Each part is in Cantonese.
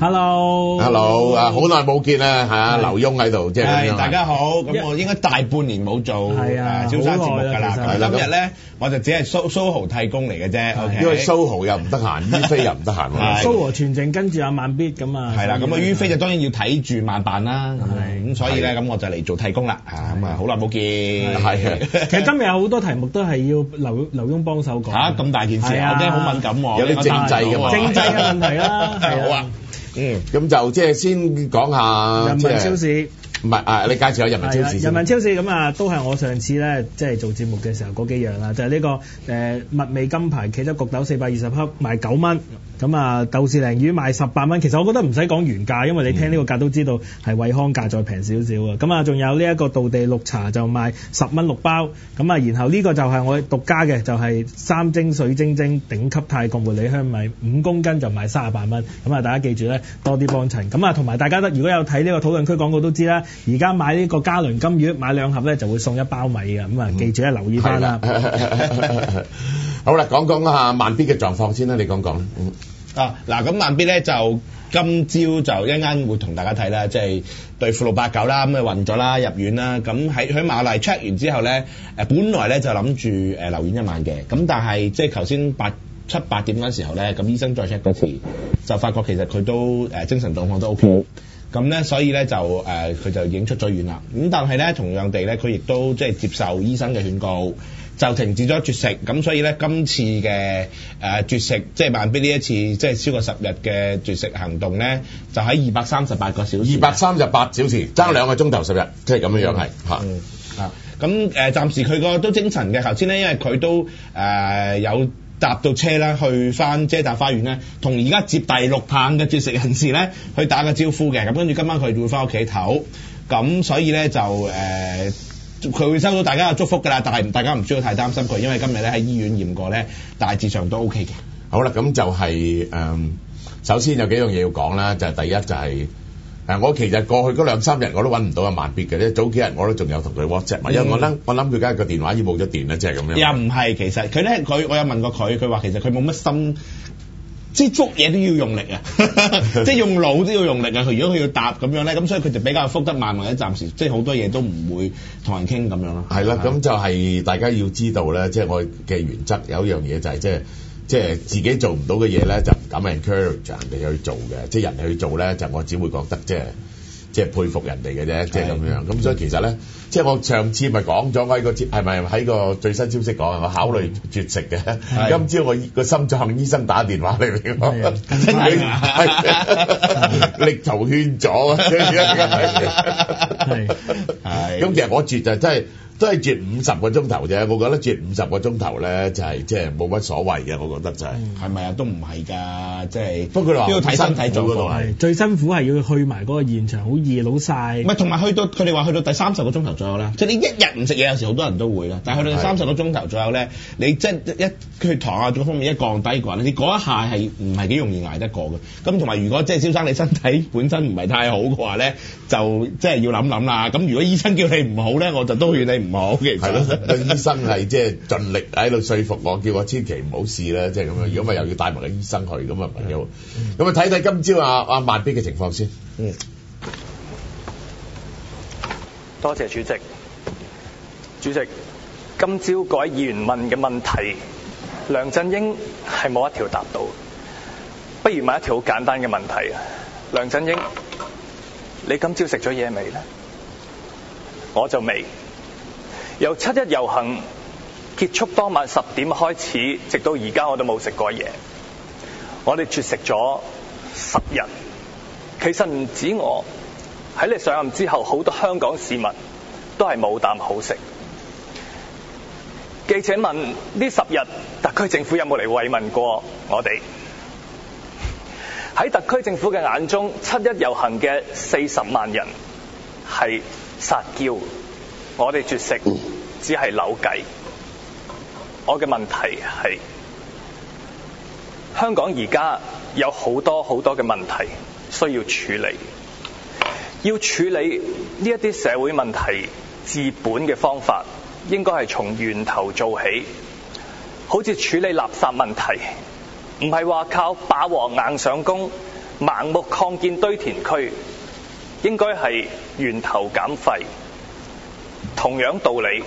Hello，Hello，啊好耐冇見啦吓，劉嗡喺度，即係大家好，咁我應該大半年冇做誒，朝三節目噶啦，今日咧我就只係蘇蘇豪替工嚟嘅啫，因為蘇豪又唔得閒，于飛又唔得閒，蘇豪全程跟住阿慢必咁啊，係啦，咁啊于飛就當然要睇住慢辦啦，咁所以咧咁我就嚟做替工啦，啊咁啊好耐冇見，係其實今日有好多題目都係要劉劉嗡幫手講吓，咁大件事，我驚好敏感，有啲政制咁政制嘅問題啦，好啊。嗯，咁就即係先講下人民超市。唔係啊！你介紹下人民超市。人民超市咁啊，都係我上次咧，即係做節目嘅時候嗰幾樣啦，就係、是、呢、這個誒、呃、物美金牌茄汁焗豆四百二十克賣九蚊，咁、嗯、啊豆豉鯪魚賣十八蚊。其實我覺得唔使講原價，因為你聽呢個價都知道係惠、嗯、康價再平少少啊。咁、嗯、啊，仲有呢一個道地綠茶就賣十蚊六包，咁、嗯、啊，然後呢個就係我獨家嘅，就係、是、三精水晶精頂級泰國茉莉香米五公斤就賣三十八蚊。咁、嗯、啊、嗯，大家記住咧，多啲幫襯。咁、嗯、啊，同埋大家如果有睇呢個討論區廣告都知啦。而家買呢個嘉倫金魚，買兩盒咧就會送一包米嘅，咁啊記住啊，留意翻啦、嗯。 好啦，講講下慢必嘅狀況先啦，你講講。嗯、啊，嗱，咁慢必咧就今朝就一陣間會同大家睇啦，即、就、係、是、對付六八九啦，咁啊暈咗啦，入院啦，咁喺喺瑪麗 check 完之後咧，誒本來咧就諗住誒留院一晚嘅，咁但係即係頭先八七八點嗰陣時候咧，咁醫生再 check 多次，就發覺其實佢都誒、呃、精神狀況都 O、OK, K、嗯。咁咧、嗯，所以咧就誒，佢、呃、就已經出咗院啦。咁但係咧，同樣地咧，佢亦都即係接受醫生嘅勸告，就停止咗絕食。咁所以咧，今次嘅誒、呃、絕食，即係慢必呢一次即係超過十日嘅絕食行動咧，就喺二百三十八個小時。二百三十八小時，爭兩個鐘頭十日，即係咁樣樣係嚇。啊，咁誒，暫時佢個都精神嘅。頭先咧，因為佢都誒、呃、有。有搭到車啦，去翻遮打花園咧，同而家接第六棒嘅絕食人士咧，去打個招呼嘅。咁跟住今晚佢會翻屋企唞，咁所以咧就誒，佢、呃、會收到大家嘅祝福㗎啦。但係大家唔需要太擔心佢，因為今日咧喺醫院驗過咧，大致上都 OK 嘅。好啦，咁就係、是、誒、呃，首先有幾樣嘢要講啦，就係、是、第一就係、是。誒，我其實過去嗰兩三日我都揾唔到阿慢必嘅，即早幾日我都仲有同佢 WhatsApp 因為我諗我諗佢梗係個電話已冇咗電啦，即係咁樣。又唔係，其實佢咧，佢我有問過佢，佢話其實佢冇乜心，即係捉嘢都要用力啊， 即係用腦都要用力啊。佢如果佢要答咁樣咧，咁所以佢就比較福得萬物，一，或者暫時即係好多嘢都唔會同人傾咁樣咯。係啦，咁就係大家要知道咧，即、就、係、是、我嘅原則有一樣嘢就係即係。就係即係自己做唔到嘅嘢咧，就唔敢 encourage 人哋去做嘅。即係人去做咧，就我只會覺得即係即係佩服人哋嘅啫。即係咁樣。咁所以其實咧，即係我上次咪講咗喺個係咪喺個最新消息講，我考慮絕食嘅。今朝我個心臟醫生打電話嚟，你講，力圖勸阻啊！咁其實我絕就真係。都係絕五十個鐘頭啫，我覺得絕五十個鐘頭咧就係即係冇乜所謂嘅，我覺得就係係咪啊？都唔係㗎，即係不過佢話都要睇身體狀況，最辛苦係要去埋嗰個現場，好熱，老晒。唔係同埋去到佢哋話去到第三十個鐘頭左右咧，即係你一日唔食嘢，有時好多人都會㗎，但係去到三十個鐘頭左右咧，是你即係一血糖啊各方面一降低嘅話你嗰一下係唔係幾容易捱得過嘅？咁同埋如果即係、就是、蕭先生你身體本身唔係太好嘅話咧，就即係、就是、要諗諗啦。咁如果醫生叫你唔好咧，我就都勸你。唔好，係咯，啊、醫生係即係盡力喺度說服我，叫我千祈唔好試啦，即係咁樣，如果咪又要帶埋個醫生去，咁啊唔好，咁、嗯、啊睇睇今朝阿阿慢必嘅情況先。嗯，多謝主席。主席，今朝各位議員問嘅問題，梁振英係冇一條答到。不如問一條好簡單嘅問題啊，梁振英，你今朝食咗嘢未咧？我就未。由七一遊行結束當晚十點開始，直到而家我都冇食過嘢。我哋絕食咗十日，其實唔止我。喺你上任之後，好多香港市民都係冇啖好食。記者問：呢十日特區政府有冇嚟慰問過我哋？喺特區政府嘅眼中，七一遊行嘅四十萬人係撒嬌。我哋絕食只係扭計，我嘅問題係香港而家有好多好多嘅問題需要處理，要處理呢一啲社會問題，治本嘅方法應該係從源頭做起，好似處理垃圾問題，唔係話靠霸王硬上弓，盲目擴建堆填區，應該係源頭減廢。同樣道理，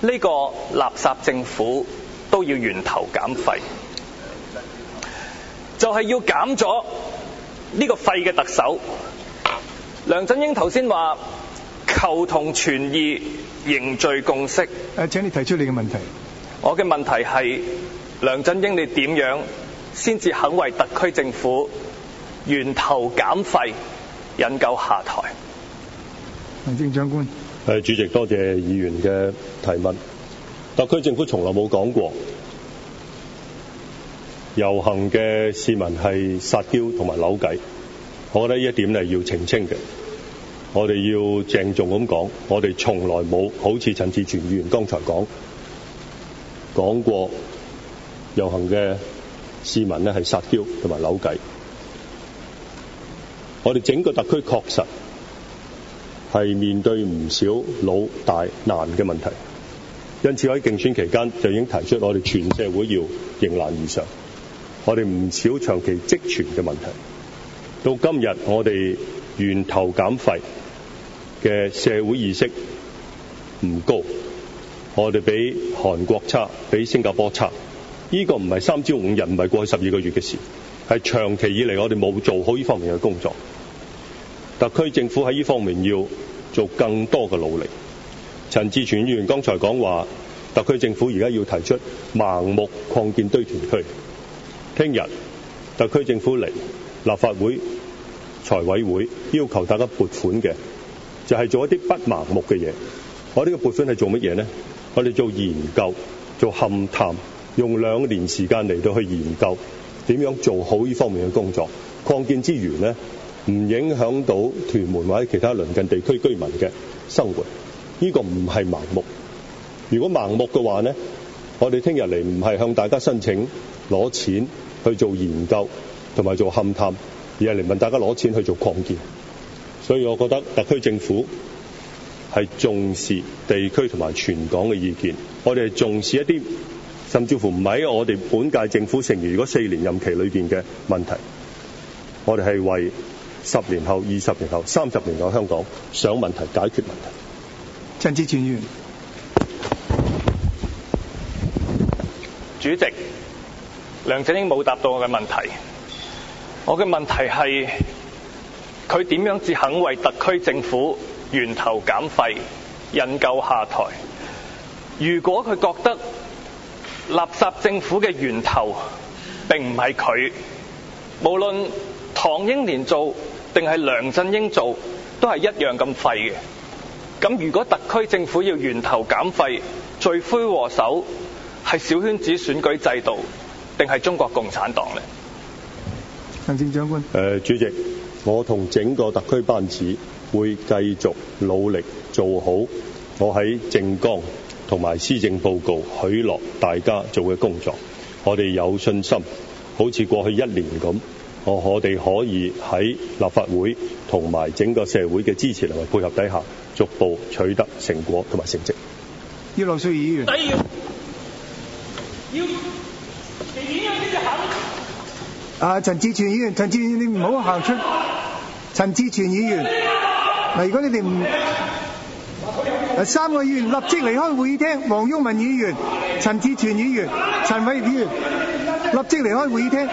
呢個垃圾政府都要源頭減廢，就係要減咗呢個廢嘅特首梁振英。頭先話求同存異、凝聚共識。誒，請你提出你嘅問題。我嘅問題係梁振英，你點樣先至肯為特區政府源頭減廢，引咎下台？行政長官。係主席，多謝議員嘅提問。特區政府從來冇講過遊行嘅市民係撒嬌同埋扭計，我覺得呢一點係要澄清嘅。我哋要鄭重咁講，我哋從來冇好似陳志全議員剛才講講過遊行嘅市民咧係撒嬌同埋扭計。我哋整個特區確實係面對唔少老大難嘅問題，因此喺競選期間就已經提出我哋全社會要迎難而上，我哋唔少長期積存嘅問題，到今日我哋源頭減廢嘅社會意識唔高，我哋比韓國差，比新加坡差，呢、這個唔係三朝五日，唔係過去十二個月嘅事，係長期以嚟我哋冇做好呢方面嘅工作。特區政府喺呢方面要做更多嘅努力。陳志全議員剛才講話，特區政府而家要提出盲目擴建堆填區。聽日特區政府嚟立法會財委會，要求大家撥款嘅，就係做一啲不盲目嘅嘢。我呢個撥款係做乜嘢呢？我哋做研究、做勘探，用兩年時間嚟到去研究點樣做好呢方面嘅工作。擴建之餘呢。唔影響到屯門或者其他鄰近地區居民嘅生活，呢個唔係盲目。如果盲目嘅話，呢我哋聽日嚟唔係向大家申請攞錢去做研究同埋做勘探，而係嚟問大家攞錢去做擴建。所以，我覺得特區政府係重視地區同埋全港嘅意見，我哋係重視一啲甚至乎唔喺我哋本屆政府成員嗰四年任期裏邊嘅問題，我哋係為。十年後、二十年後、三十年後，香港想問題解決問題。陳志全議員，主席梁振英冇答到我嘅問題。我嘅問題係佢點樣至肯為特區政府源頭減廢引咎下台？如果佢覺得垃圾政府嘅源頭並唔係佢，無論唐英年做。定係梁振英做都係一樣咁廢嘅。咁如果特區政府要源頭減廢，罪魁禍首係小圈子選舉制度，定係中國共產黨呢？行政長官，誒，主席，我同整個特區班子會繼續努力做好我喺政綱同埋施政報告許諾大家做嘅工作。我哋有信心，好似過去一年咁。我哋可，可以喺立法會同埋整個社會嘅支持同埋配合底下，逐步取得成果同埋成績。要落需議員。都要，啊，要。陳志全議員，陳志全你唔好行出。陳志全議員，嗱如果你哋唔，啊、三個議員立即離開會議廳。黃毓民議員，陳志全議員，陳偉業議員，立即離開會議廳。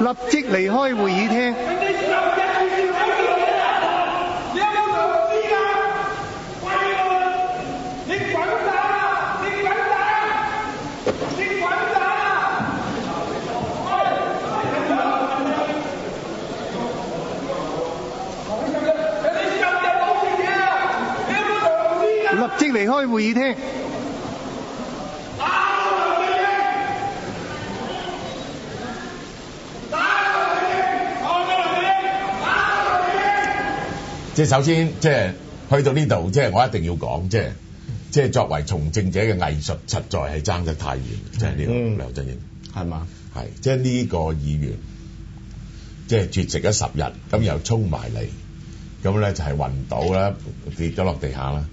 立即離開會議廳。立即離開會議廳。即係首先，即係去到呢度，即係我一定要講，即係即係作為從政者嘅藝術實在係爭得太遠，即係呢個梁振英，係嘛吧？係，即係呢個議員，即係絕食咗十日，咁又衝埋嚟，咁咧就係暈倒啦，跌咗落地下啦。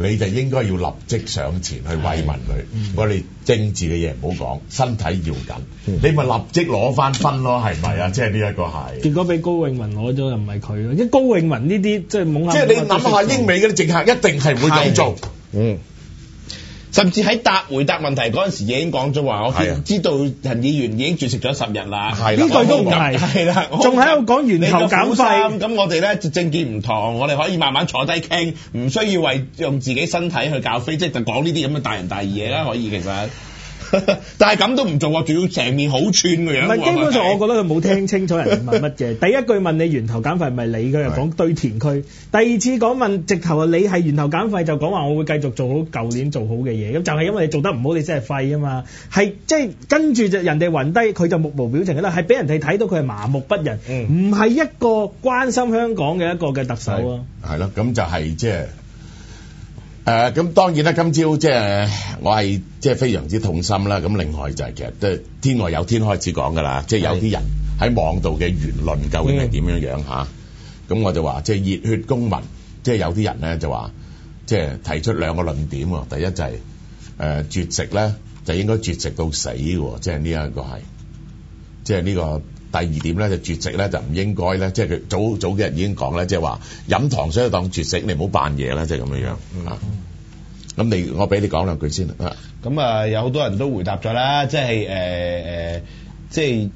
你就應該要立即上前去慰問佢。嗯、我哋政治嘅嘢唔好講，身體要緊，你咪立即攞翻分咯，係咪啊？即係呢一個係。結果俾高永文攞咗，又唔係佢咯。一高永文呢啲即係懵。即係你諗下，英美嗰啲政客一定係會咁做。嗯。甚至喺答回答問題嗰陣時，已經講咗話，我知道陳議員已經絕食咗十日啦。呢句都唔係，係啦、哦，仲喺度講完你都唔好心。咁我哋咧政見唔同，我哋可以慢慢坐低傾，唔需要為用自己身體去搞飛，即係講呢啲咁嘅大人大義嘢啦，的可以其實。 但係咁都唔做啊，仲要成面好串嘅樣。唔係，基本上我覺得佢冇聽清楚人哋問乜嘢。 第一句問你源頭減廢係咪你嘅？又講堆填區。第二次講問直頭啊，你係源頭減廢就講話我會繼續做好舊年做好嘅嘢。咁就係、是、因為你做得唔好，你真係廢啊嘛。係即係跟住就人哋暈低，佢就目無表情啦。係俾人哋睇到佢係麻木不仁，唔係、嗯、一個關心香港嘅一個嘅特首咯。係咯，咁就係即係。誒咁、啊、當然啦，今朝、呃呃、即係我係即係非常之痛心啦。咁另外就係其實都天外有天開始講㗎喇，的即係有啲人喺網度嘅言論究竟係點樣樣吓？咁的、啊、我就話即係熱血公民，即係有啲人呢就話，即係提出兩個論點喎。第一就係、是、誒、呃、絕食呢，就應該絕食到死喎。即係呢一個係，即係呢、這個。第二點咧就絕食咧就唔應該咧，即係佢早早幾日已經講咧，即係話飲糖水就當絕食，你唔好扮嘢啦，即係咁嘅樣啊。咁、嗯、你我俾你講兩句先啊。咁啊、嗯，有好多人都回答咗啦，即係誒誒，即係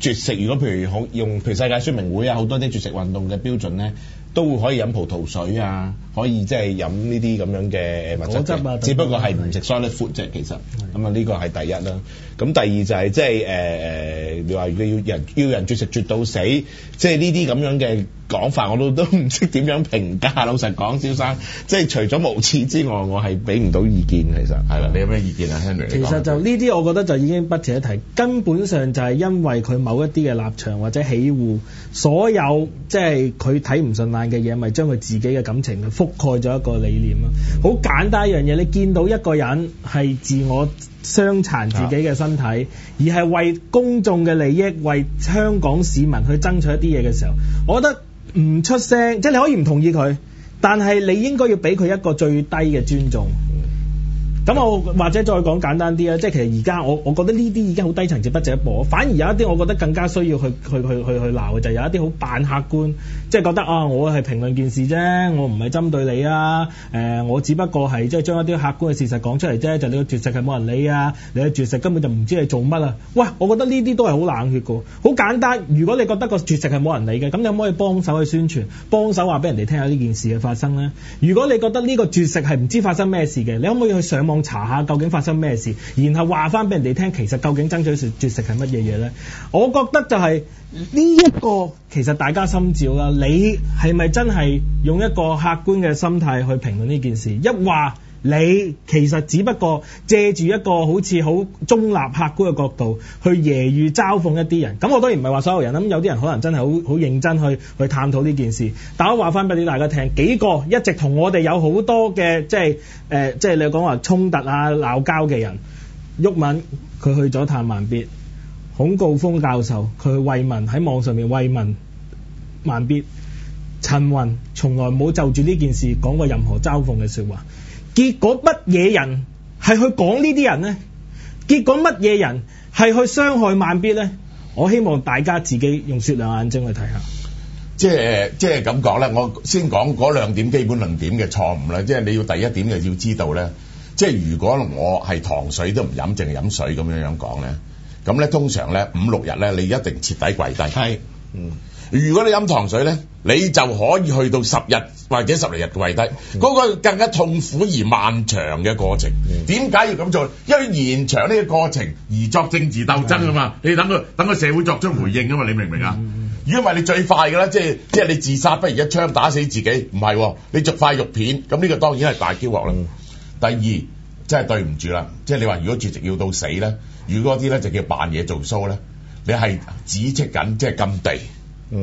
絕食。如果譬如好用，譬如世界宣明會啊，好多啲絕食運動嘅標準咧，都會可以飲葡萄水啊。可以即係飲呢啲咁樣嘅物質啊，只不過係唔食 solid food 啫。其實咁啊，呢個係第一啦。咁第二就係即係誒誒你話如果要人要人絕食絕到死，即係呢啲咁樣嘅講法，我都都唔識點樣評價，老實講蕭先生，即係除咗無恥之外，我係俾唔到意見，嗯，其實係啦，你有咩意見啊？Henry，其實就呢啲，我覺得就已經不值一提。根本上就係因為佢某一啲嘅立場或者起鬨，所有即係佢睇唔順眼嘅嘢，咪將佢自己嘅感情去覆蓋咗一個理念咯，好簡單一樣嘢，你見到一個人係自我傷殘自己嘅身體，而係為公眾嘅利益，為香港市民去爭取一啲嘢嘅時候，我覺得唔出聲，即係你可以唔同意佢，但係你應該要俾佢一個最低嘅尊重。咁我或者再講簡單啲啊，即係其實而家我我覺得呢啲已經好低層次不值一博，反而有一啲我覺得更加需要去去去去去鬧嘅就係，有一啲好扮客觀，即係覺得啊我係評論件事啫，我唔係針對你啊，誒、呃、我只不過係即係將一啲客觀嘅事實講出嚟啫，就是，你個絕食係冇人理啊，你嘅絕食根本就唔知你做乜啊，哇，我覺得呢啲都係好冷血噶，好簡單，如果你覺得個絕食係冇人理嘅，咁你可唔可以幫手去宣傳，幫手話俾人哋聽下呢件事嘅發生咧？如果你覺得呢個絕食係唔知發生咩事嘅，你可唔可以去上網？查下究竟發生咩事，然後話翻俾人哋聽。其實究竟爭取絕食係乜嘢嘢咧？我覺得就係呢一個。其實大家心照啦。你係咪真係用一個客觀嘅心態去評論呢件事？一話。你其實只不過借住一個好似好中立客觀嘅角度去揶揄嘲諷一啲人，咁我當然唔係話所有人咁，有啲人可能真係好好認真去去探討呢件事。但我話翻俾你大家聽，幾個一直同我哋有好多嘅即係誒，即係、呃、你講話衝突啊、鬧交嘅人，毓民佢去咗探慢必，孔誥烽教授佢去慰問，喺網上面慰問慢必，陳雲從來冇就住呢件事講過任何嘲諷嘅説話。結果乜嘢人係去講呢啲人呢？結果乜嘢人係去傷害慢必呢？我希望大家自己用雪亮眼睛去睇下。即係咁講咧，我先講嗰兩點基本論點嘅錯誤啦。即係你要第一點就要知道呢，即係如果我係糖水都唔飲，淨係飲水咁樣樣講呢。咁呢，通常呢五六日呢，你一定徹底跪低。嗯。如果你飲糖水咧，你就可以去到十日或者十嚟日嘅跪低。嗰、那個更加痛苦而漫長嘅過程，點解要咁做？因為延長呢個過程而作政治鬥爭啊嘛！你等佢等個社會作出回應啊嘛！你明唔明啊？如果唔係你最快嘅啦，即係即係你自殺，不如一槍打死自己。唔係、哦、你逐塊肉片咁，呢個當然係大橋鑊啦。第二真係對唔住啦，即係你話如果絕食要到死咧，如果啲咧就叫扮嘢做騷咧，你係指斥緊即係禁地。嗯，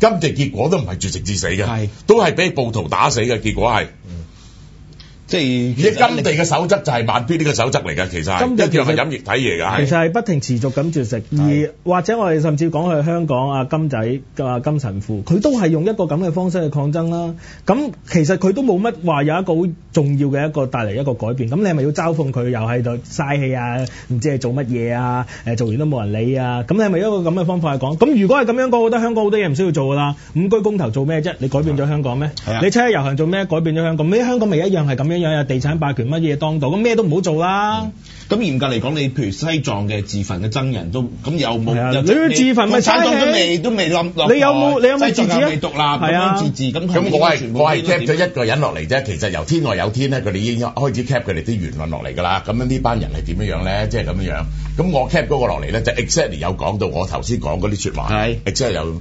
今次結果都唔係絕食致死嘅，係是都係俾暴徒打死嘅，結果係。即係，而家金地嘅守則就係慢必呢個守則嚟㗎，其實金地叫係飲液體嘢。其實係不停持續咁絕食，而或者我哋甚至講去香港啊金仔啊金神父，佢都係用一個咁嘅方式去抗爭啦。咁其實佢都冇乜話有一個好重要嘅一個帶嚟一個改變。咁你係咪要嘲諷佢又喺度嘥氣啊？唔知係做乜嘢啊？誒做完都冇人理啊？咁你係咪一個咁嘅方法去講？咁如果係咁樣講，我覺得香港好多嘢唔需要做噶啦。五居公投做咩啫？你改變咗香港咩？你車車遊行做咩？改變咗香港咩？香港咪一樣係咁樣？咁樣又地產霸權乜嘢當道，咁咩都唔好做啦。咁、嗯、嚴格嚟講，你譬如西藏嘅自焚嘅僧人都咁有冇？啊、有你去自焚咪產黨都未都未冧落嚟。你有冇？你有冇西藏自治啊？係啊，自治咁佢我全部。咁我係我係 cap 咗一個人落嚟啫。其實由天外有天咧，佢哋已經開始 cap 佢哋啲言論落嚟㗎啦。咁樣呢班人係點樣樣咧？即係咁樣樣。咁我 cap 嗰個落嚟咧，就 exactly 有講到我頭先講嗰啲説話。exactly 有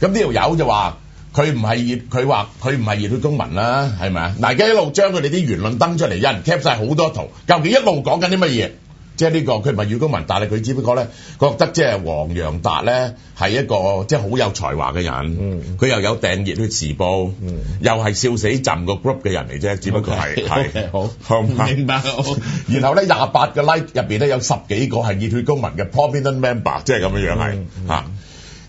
咁呢條友就話。佢唔係熱，佢話佢唔係熱血公民啦，係咪啊？嗱，家一路將佢哋啲言論登出嚟，有人 cap 晒好多圖，究竟一路講緊啲乜嘢？即係呢個佢唔係熱血公民，但係佢只不過咧覺得即係黃洋達咧係一個即係好有才華嘅人，佢、嗯、又有訂熱血時報，嗯、又係笑死浸個 group 嘅人嚟啫，只不過係係好明白。然後咧廿八個 like 入邊咧有十幾個係熱血公民嘅 prominent member，即係咁樣樣係啊。嗯嗯嗯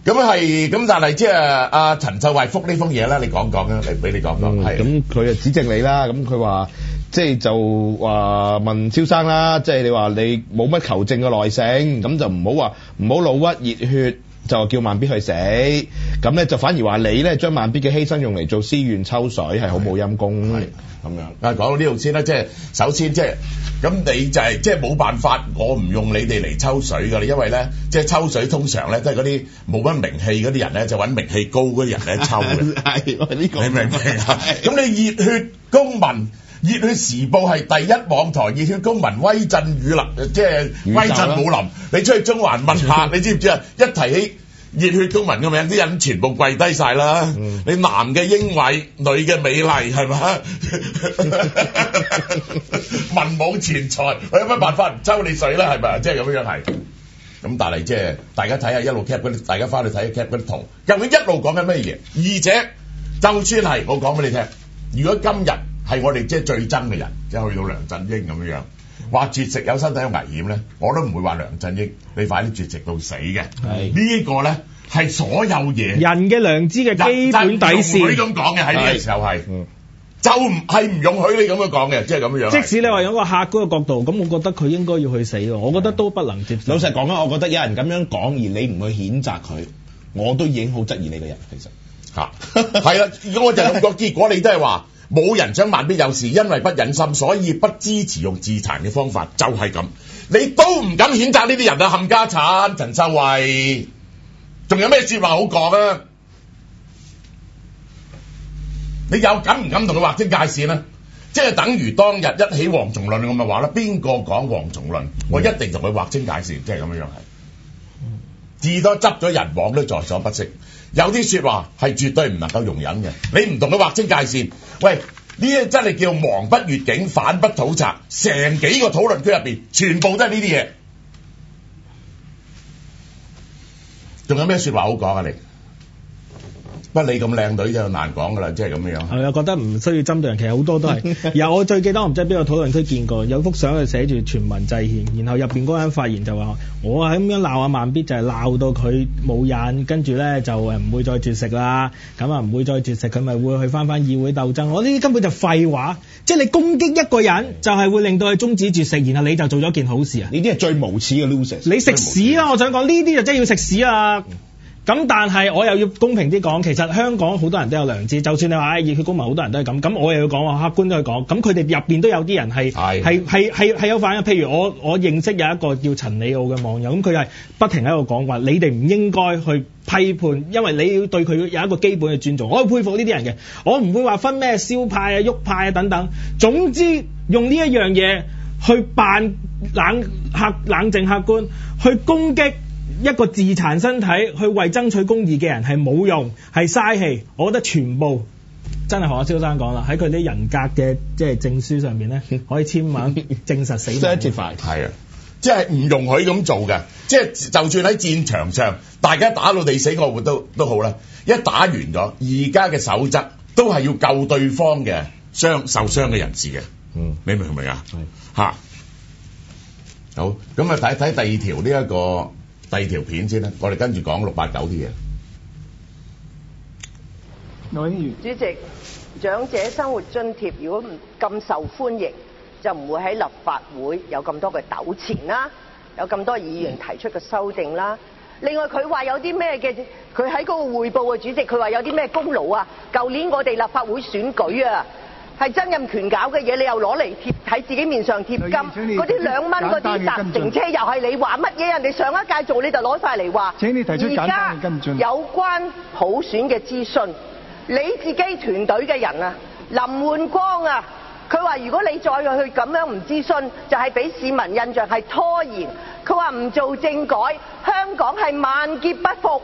咁係，咁但係即係阿陳秀慧覆呢封嘢啦，你講講啊，嚟俾你講講係咁佢啊指正你啦，咁佢話即係就話、是、問超生啦，即、就、係、是、你話你冇乜求證嘅耐性，咁就唔好話唔好老屈熱血。就叫慢必去死，咁咧就反而話你咧將慢必嘅犧牲用嚟做私怨抽水係好冇陰功咁樣。啊，講到呢度先啦，即係首先即係咁，你就係即係冇辦法，我唔用你哋嚟抽水噶喇，因為咧即係抽水通常咧都係嗰啲冇乜名氣嗰啲人咧，就揾名氣高嗰啲人嚟抽嘅。係喎，呢個你明唔明啊？咁你熱血公民。熱血時報係第一網台，熱血公民威震雨林，即係威震武林。 你出去中環問下，你知唔知啊？一提起熱血公民嘅名，啲人全部跪低晒啦。 你男嘅英偉，女嘅美麗，係嘛？ 文武全才，我有乜辦法唔抽你水啦？係咪啊？即係咁樣係。咁但係即係大家睇下一路 cap 嗰啲，大家翻去睇下 cap 嗰啲圖。究竟一路講緊咩嘢？而且就算係我講俾你聽，如果今日。係我哋即係最憎嘅人，即係去到梁振英咁樣樣，話絕食有身體有危險咧，我都唔會話梁振英你快啲絕食到死嘅。呢個咧係所有嘢，人嘅良知嘅基本底線，唔許咁講嘅，喺呢個時候係，就唔係唔容許你咁樣講嘅，即係咁樣。即使你話有個客觀嘅角度，咁我覺得佢應該要去死，我覺得都不能接受。老實講啊，我覺得有人咁樣講而你唔去譴責佢，我都已經好質疑你嘅人，其實吓係啦。如果我就兩個結果，你都係話。冇人想慢必有事，因為不忍心，所以不支持用自殘嘅方法，就係咁。你都唔敢譴責呢啲人啊，冚家產陳秀慧，仲有咩説話好講啊？你又敢唔敢同佢劃清界線啊？即係等於當日一起蝗蟲論，我咪話啦，邊個講蝗蟲論，我一定同佢劃清界線，即係咁樣樣係。至多執咗人亡都在所不惜。有啲說話係絕對唔能夠容忍嘅，你唔同佢劃清界線，喂，呢啲真係叫亡不越境，反不討賊，成幾個討論區入邊，全部都係呢啲嘢，仲有咩說話好講啊你？不，你咁靚女就難講㗎啦，即係咁樣。係啊，覺得唔需要針對人，其實好多都係。然後我最記得我唔知邊個討論區見過，有幅相就寫住全民制憲，然後入邊嗰個人發言就話：我係咁樣鬧阿、啊、慢必就，就係鬧到佢冇癮，跟住咧就誒唔會再絕食啦。咁啊唔會再絕食，佢咪會去翻翻議會鬥爭。我呢啲根本就廢話，即係你攻擊一個人，就係、是、會令到佢中止絕食，然後你就做咗件好事啊！呢啲係最無恥嘅 losers 你食屎啦！我想講呢啲就真係要食屎啊！咁但係我又要公平啲講，其實香港好多人都有良知，就算你話熱血公民好多人都係咁，咁我又要講話客觀都要講，咁佢哋入邊都有啲人係係係係係有反嘅。譬如我我認識有一個叫陳李傲嘅網友，咁佢係不停喺度講話，你哋唔應該去批判，因為你要對佢有一個基本嘅尊重。我佩服呢啲人嘅，我唔會話分咩燒派啊、喐派啊等等，總之用呢一樣嘢去扮冷客冷靜客觀去攻擊。一個自殘身體去為爭取公義嘅人係冇用，係嘥氣。我覺得全部真係同阿蕭生講啦，喺佢啲人格嘅即係證書上面咧，嗯、可以簽名證實死亡。即係絕罰。係啊，即係唔容許咁做嘅。即係就算喺戰場上，大家打到你死我活都都好啦。一打完咗，而家嘅守則都係要救對方嘅傷受傷嘅人士嘅。嗯，你明唔明啊？係吓是，好。咁啊，睇睇第二條呢一個。第二條片先啦，我哋跟住講六八九啲嘢。主席，長者生活津貼如果唔咁受歡迎，就唔會喺立法會有咁多嘅糾纏啦，有咁多議員提出嘅修訂啦。另外佢話有啲咩嘅，佢喺嗰個匯報嘅主席，佢話有啲咩功勞啊？舊年我哋立法會選舉啊。係曾蔭權搞嘅嘢，你又攞嚟貼喺自己面上貼金。嗰啲兩蚊嗰啲搭乘車又係你話乜嘢？人哋上一屆做你就攞晒嚟話。請你提出簡單跟進。有關普選嘅諮詢，你自己團隊嘅人啊，林煥光啊，佢話如果你再去咁樣唔諮詢，就係俾市民印象係拖延。佢話唔做政改，香港係萬劫不復。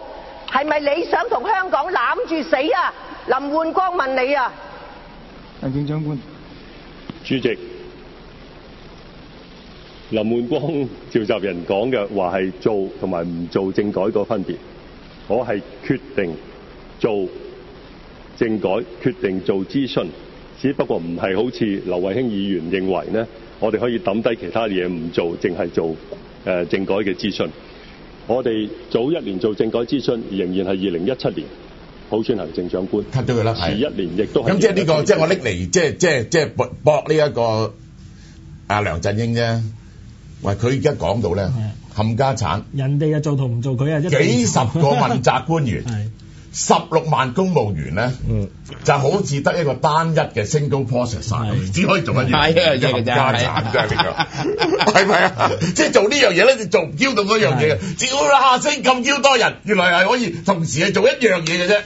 係咪你想同香港攬住死啊？林煥光問你啊？行政長官，主席，林煥光召集人講嘅話，係做同埋唔做政改個分別。我係決定做政改，決定做諮詢，只不過唔係好似劉慧卿議員認為呢，我哋可以揼低其他嘢唔做，淨係做誒、呃、政改嘅諮詢。我哋早一年做政改諮詢，仍然係二零一七年。普選行政長官 cut 咗佢啦，係一年亦都咁即係呢個，即係我拎嚟，即係即係即係博博呢一個阿梁振英啫。喂，佢而家講到咧，冚家鏟，人哋又做同唔做佢啊？幾十個問責官員，十六萬公務員咧，就好似得一個單一嘅 single processor 曬，只可以做乜嘢？冚家鏟，真係呢個係咪啊？即係做呢樣嘢咧，就做唔郁到嗰樣嘢嘅。只要下升咁嬌多人，原來係可以同時係做一樣嘢嘅啫。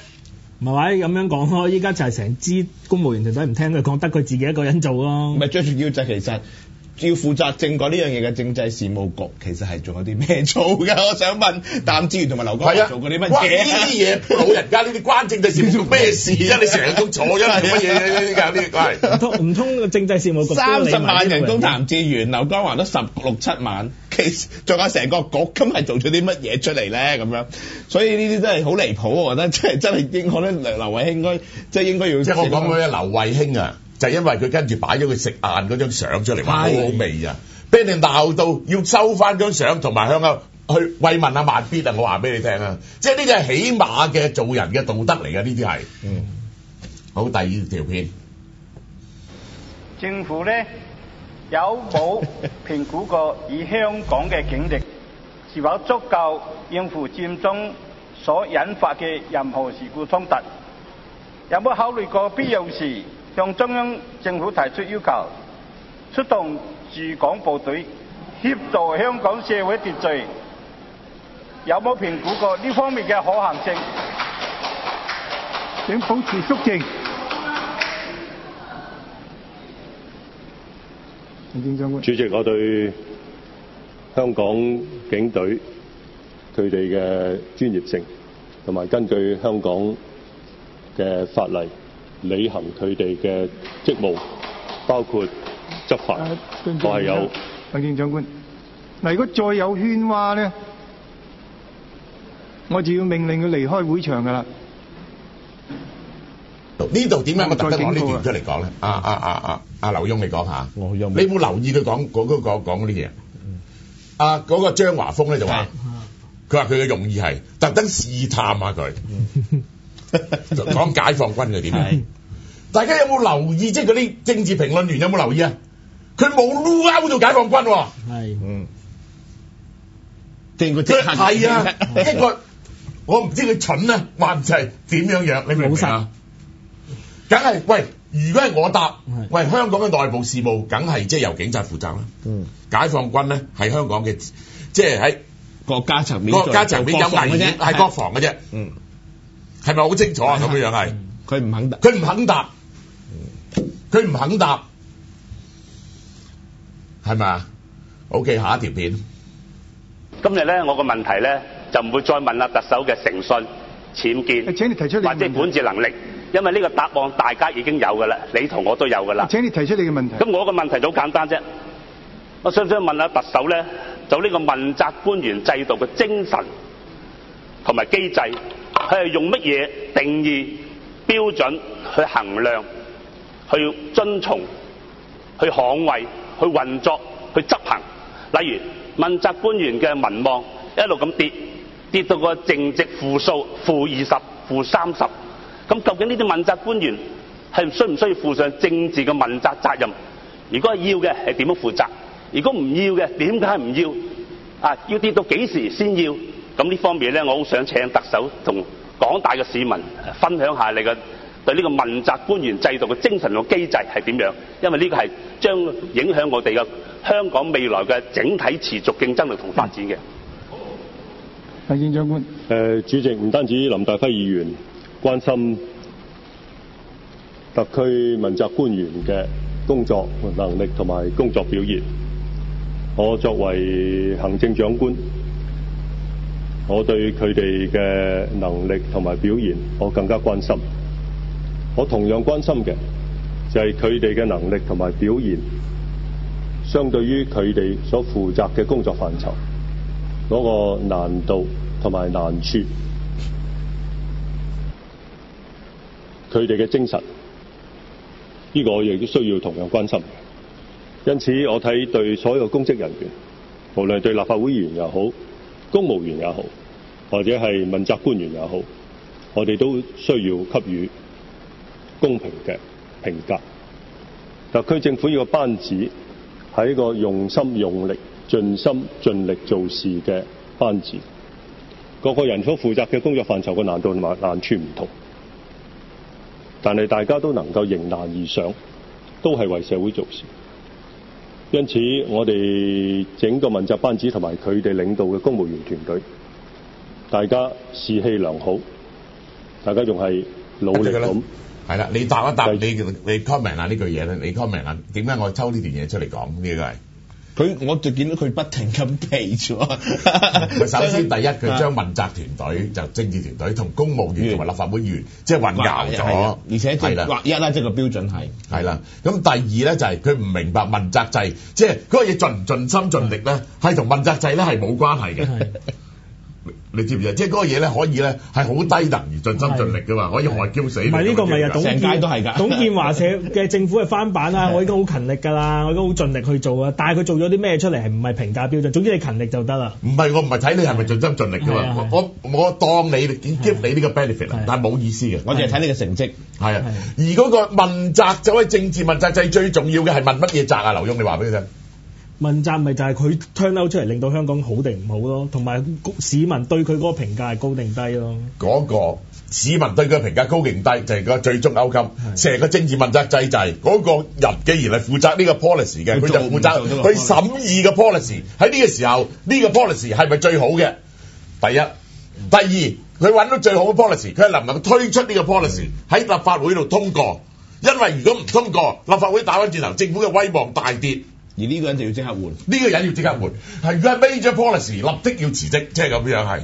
唔係咁樣講咯，依家就係成支公務員團隊，唔聽佢，講得佢自己一個人做咯。唔係最重要就係其實。 要負責政改呢樣嘢嘅政制事務局其實係做咗啲咩做嘅？我想問譚志源同埋劉江華做過啲乜嘢？呢啲嘢老人家呢啲關政制事做咩事啊？你成日都坐喺度做乜嘢呢？啲㗎唔通唔通個政制事務局三十萬人工，譚志源、劉江華都十六七萬，其實再加成個局，咁係做咗啲乜嘢出嚟咧？咁樣，所以呢啲真係好離譜，我覺得真係真係，我覺得劉慧卿應該即係應該要我講嗰個啊，劉慧卿啊！就因為佢跟住擺咗佢食晏嗰張相出嚟，的好好味啊！俾你哋鬧到要收翻張相，同埋香港去慰問阿慢必啊！我話俾你聽啊，即係呢啲係起碼嘅做人嘅道德嚟嘅，呢啲係，嗯，好，第二條片。政府咧，有冇評估過以香港嘅警力是否足夠應付佔中所引發嘅任何事故衝突？有冇考慮過必要時？ 向中央政府提出要求，出動駐港部隊協助香港社會秩序，有冇評估過呢方面嘅可行性？請保持肅靜。主席，我對香港警隊佢哋嘅專業性，同埋根據香港嘅法例。履行佢哋嘅職務，包括執法，呃、我係有。行政、呃、長官，嗱，如果再有喧嘩咧，我就要命令佢離開會場噶啦。呢度點解我特登講呢段出嚟講咧？啊啊啊啊！阿劉嗡，你講下。我你有冇留意佢講嗰個講嗰啲嘢？啊，嗰個張華峰咧就話佢話佢嘅用意係特登試探下佢。 講解放軍嘅點樣？大家有冇留意？即係嗰啲政治評論員有冇留意啊？佢冇撈做解放軍。係嗯，係啊，一個我唔知佢蠢啊，還是點樣樣？你明唔明？梗係喂，如果係我答，喂，香港嘅內部事務，梗係即係由警察負責啦。解放軍咧係香港嘅，即係喺國家層面，國家層面有危險，係國防嘅啫。嗯。係咪好清楚啊？咁嘅樣係，佢唔肯答，佢唔肯答，佢唔肯答，嗯是是，係咪啊？OK，下一條片。今日咧，我個問題咧就唔會再問啦。特首嘅誠信、僭建，請你提出你，或者管治能力，因為呢個答案大家已經有噶啦，你同我都有噶啦。請你提出你嘅問題。咁我個問題就好簡單啫，我想唔想問下特首咧，就呢個問責官員制度嘅精神同埋機制？佢係用乜嘢定義標準去衡量、去遵從、去捍衞、去運作、去執行。例如問責官員嘅民望一路咁跌，跌到個正值負數，負二十、負三十。咁究竟呢啲問責官員係需唔需要負上政治嘅問責責任？如果係要嘅係點樣負責？如果唔要嘅點解唔要？啊，要跌到幾時先要？咁呢方面咧，我好想請特首同廣大嘅市民分享下你嘅對呢個問責官員制度嘅精神同機制係點樣？因為呢個係將影響我哋嘅香港未來嘅整體持續競爭力同發展嘅。行政長官。誒、呃，主席，唔單止林大輝議員關心特區問責官員嘅工作能力同埋工作表現，我作為行政長官。我對佢哋嘅能力同埋表現，我更加關心。我同樣關心嘅就係佢哋嘅能力同埋表現，相對於佢哋所負責嘅工作範疇，嗰個難度同埋難處，佢哋嘅精神，呢個我亦都需要同樣關心。因此，我睇對所有公職人員，無論對立法會議員又好。公務員也好，或者係問責官員也好，我哋都需要給予公平嘅評價。特區政府要個班子係一個用心用力、盡心盡力做事嘅班子。各個人所負責嘅工作範疇嘅難度同埋難處唔同，但係大家都能夠迎難而上，都係為社會做事。因此，我哋整個問責班子同埋佢哋領導嘅公務員團隊，大家士氣良好，大家仲係努力緊、嗯。係啦、嗯，你答一答的你你 comment 下呢句嘢，你 comment 下，點解我抽呢段嘢出嚟講？呢、呢個係佢我就見到佢不停咁避咗。佢 首先第一，佢將問責團隊就、政治團隊同公務員同埋立法會議員即係劃混淆咗。而且係啦，劃一啦即係個標準係。係啦，咁第二咧就係佢唔明白問責制，即係嗰個嘢盡唔盡心盡力咧，係同問責制咧係冇關係嘅的。 你知唔知啊？即係嗰個嘢咧可以咧係好低能而盡心盡力嘅嘛，可以汗飆死。唔係呢個，咪係董建華都係㗎。董建華寫嘅政府係翻版啦，我已經好勤力㗎啦，我都好盡力去做啊。但係佢做咗啲咩出嚟係唔係評價標準？總之你勤力就得啦。唔係我唔係睇你係咪盡心盡力㗎嘛，我我我當你 give 你呢個 benefit 啊，但係冇意思嘅，我淨係睇你嘅成績係啊。而嗰個問責就係政治問責，最最重要嘅係問乜嘢責啊？劉嗡，你話俾佢聽。問責咪就係佢 turn out 出嚟，令到香港好定唔好咯，同埋市民對佢嗰個評價係高定低咯。嗰個市民對佢個評價高定低，就係、是、個最終勾金。成的個政治問責制制。嗰、就是、個人既然係負責呢個 policy 嘅，佢就負責佢審議嘅 policy。喺呢個時候，呢、這個 policy 係咪最好嘅？第一，第二，佢揾到最好嘅 policy，佢係能唔能推出呢個 policy 喺的立法會度通過。因為如果唔通過，立法會打翻轉頭，政府嘅威望大跌。而呢個人就要即刻換，呢個人要即刻換，係要 major policy 立即要辭職，即係咁樣係，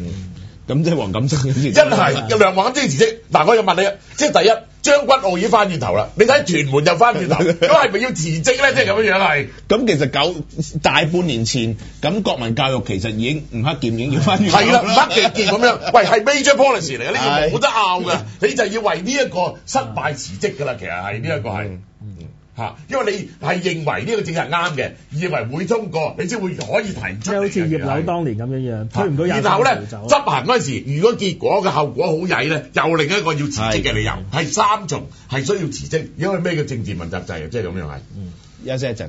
咁即係黃錦星真係，有兩黃錦星辭職，但係我又問你，即係第一將軍澳已經翻轉頭啦，你睇屯門又翻轉頭，咁係咪要辭職咧？即係咁樣樣係，咁其實九大半年前，咁國民教育其實已經吳克儉，已經要翻轉，係啦，吳克儉咁樣，喂，係 major policy 嚟嘅，呢個冇得拗嘅，你就要為呢一個失敗辭職噶啦，其實係呢一個係。啊！因為你係認為呢個政策啱嘅，以為會通過，你先會可以提出。好似葉劉當年咁樣樣，啊、推唔到然後咧執行嗰時，如果結果嘅效果好曳咧，又另一個要辭職嘅理由，係的的三重，係需要辭職。因為咩叫政治問責制啊？即係咁樣係。嗯，休息一陣。